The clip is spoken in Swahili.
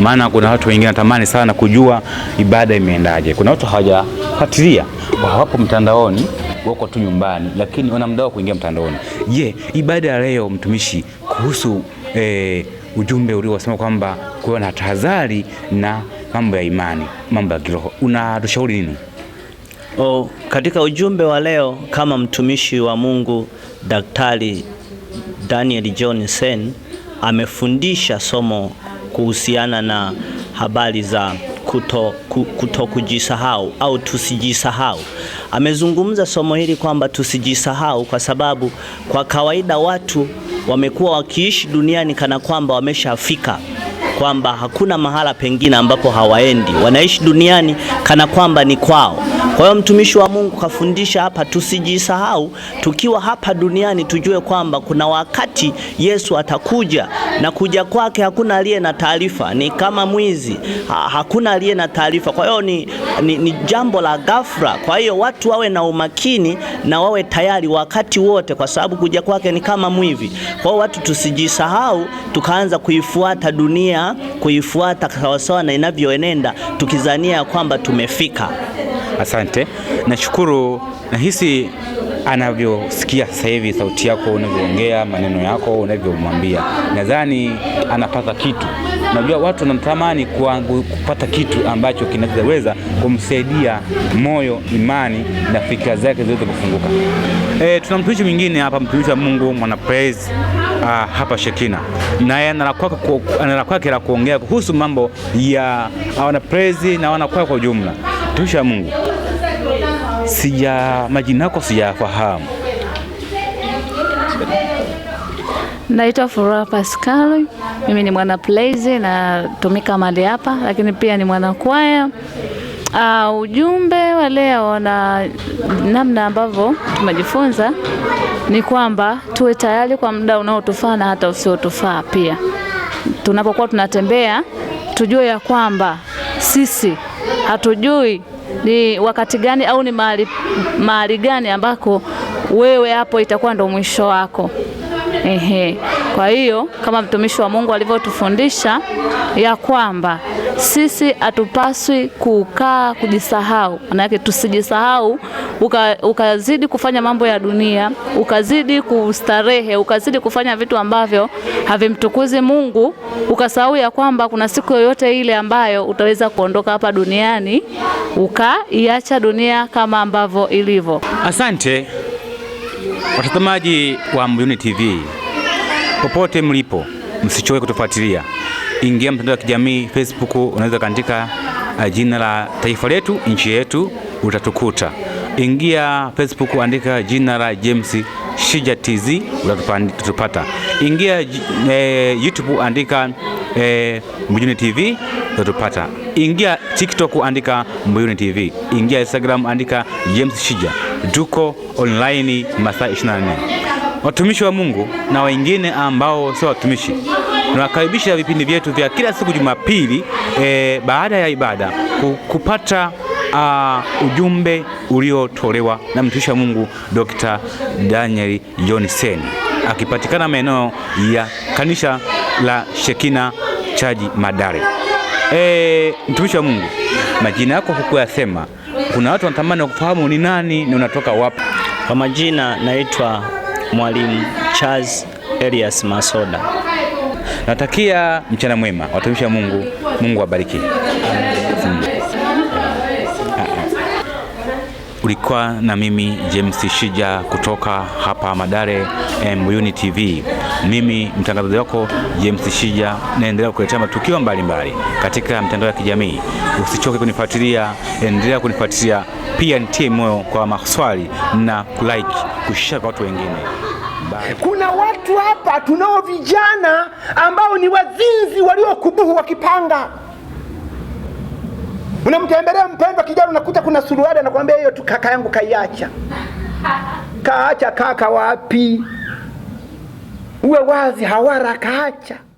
maana kuna watu wengine wanatamani sana kujua ibada imeendaje. Kuna watu hawajafuatilia, wapo mtandaoni, wako tu nyumbani, lakini wana muda wa kuingia mtandaoni. Je, ibada ya leo mtumishi, kuhusu eh, ujumbe uliosema kwamba kuwa na tahadhari na mambo ya imani, mambo ya kiroho, unatushauri nini? Oh, katika ujumbe wa leo kama mtumishi wa Mungu Daktari Daniel John Sen amefundisha somo kuhusiana na habari za kuto, kuto kujisahau au tusijisahau. Amezungumza somo hili kwamba tusijisahau, kwa sababu kwa kawaida watu wamekuwa wakiishi duniani kana kwamba wameshafika kwamba hakuna mahala pengine ambapo hawaendi, wanaishi duniani kana kwamba ni kwao. Kwa hiyo mtumishi wa Mungu kafundisha hapa, tusijisahau tukiwa hapa duniani, tujue kwamba kuna wakati Yesu atakuja, na kuja kwake hakuna aliye na taarifa, ni kama mwizi ha, hakuna aliye na taarifa. Kwa hiyo ni, ni, ni jambo la ghafla. Kwa hiyo watu wawe na umakini na wawe tayari wakati wote, kwa sababu kuja kwake ni kama mwivi. Kwa hiyo watu tusijisahau, tukaanza kuifuata dunia, kuifuata sawasawa na inavyoenenda, tukizania kwamba tumefika. Asante, nashukuru. Nahisi anavyosikia sasa hivi sauti yako, unavyoongea maneno yako, unavyomwambia, nadhani anapata kitu. Najua watu wanatamani kupata kitu ambacho kinaweza kumsaidia moyo, imani na fikra zake ziweze kufunguka. E, tuna mtumishi mwingine hapa, mtumishi wa Mungu mwana praise Uh, hapa Shekina naye ana la kwake la kuongea kuhusu mambo ya wana praise na wana kwa ujumla tusha Mungu, sija majina yako sijafahamu. Naitwa Furaha Paskali, mimi ni mwana plays na tumika mali hapa, lakini pia ni mwana kwaya. Uh, ujumbe wa leo na namna ambavyo tumejifunza ni kwamba tuwe tayari kwa muda unaotufaa na hata usiotufaa pia. Tunapokuwa tunatembea, tujue ya kwamba sisi hatujui ni wakati gani au ni mahali mahali gani ambako wewe hapo itakuwa ndo mwisho wako. Ehe. Kwa hiyo kama mtumishi wa Mungu alivyotufundisha ya kwamba sisi hatupaswi kukaa kujisahau, manake tusijisahau, ukazidi uka kufanya mambo ya dunia, ukazidi kustarehe, ukazidi kufanya vitu ambavyo havimtukuzi Mungu, ukasahau ya kwamba kuna siku yoyote ile ambayo utaweza kuondoka hapa duniani ukaiacha dunia kama ambavyo ilivyo. Asante watazamaji wa Mbuyuni TV popote mlipo, msichoe kutufuatilia ingia mtandao wa kijamii Facebook, unaweza kaandika uh, jina la taifa letu, nchi yetu, utatukuta. Ingia Facebook, andika jina la James Shija TZ, utatupata. Ingia e, YouTube, andika e, Mbuyuni TV, utatupata. Ingia TikTok, andika Mbuyuni TV. Ingia Instagram, andika James Shija. Tuko online masaa 24. Watumishi wa Mungu na wengine ambao sio watumishi Nawakaribisha vipindi vyetu vya kila siku Jumapili e, baada ya ibada kupata Uh, ujumbe uliotolewa na mtumishi wa Mungu Dr. Daniel Johnson akipatikana maeneo ya kanisa la Shekina Chaji Madare. E, mtumishi wa Mungu, majina yako hukuyasema. Kuna watu wanatamani kufahamu ni nani na unatoka wapi? Kwa majina naitwa Mwalimu Charles Elias Masoda. Natakia mchana mwema watumishi wa Mungu. Mungu abariki. Mm. Ulikuwa na mimi James Shija kutoka hapa Madare Mbuyuni TV. Mimi mtangazaji wako James Shija, naendelea kukuletea matukio mbalimbali katika mtandao ya kijamii. Usichoke kunifuatilia, endelea kunifuatilia pia, nitie moyo kwa maswali na kulike kushare kwa watu wengine. Kuna watu hapa tunao vijana ambao ni wazinzi waliokubuhu wakipanga. Unamtembelea mpendwa kijana, unakuta kuna suruali, anakuambia hiyo tu kaka yangu kaiacha. Kaacha kaka wapi? Uwe wazi, hawara kaacha.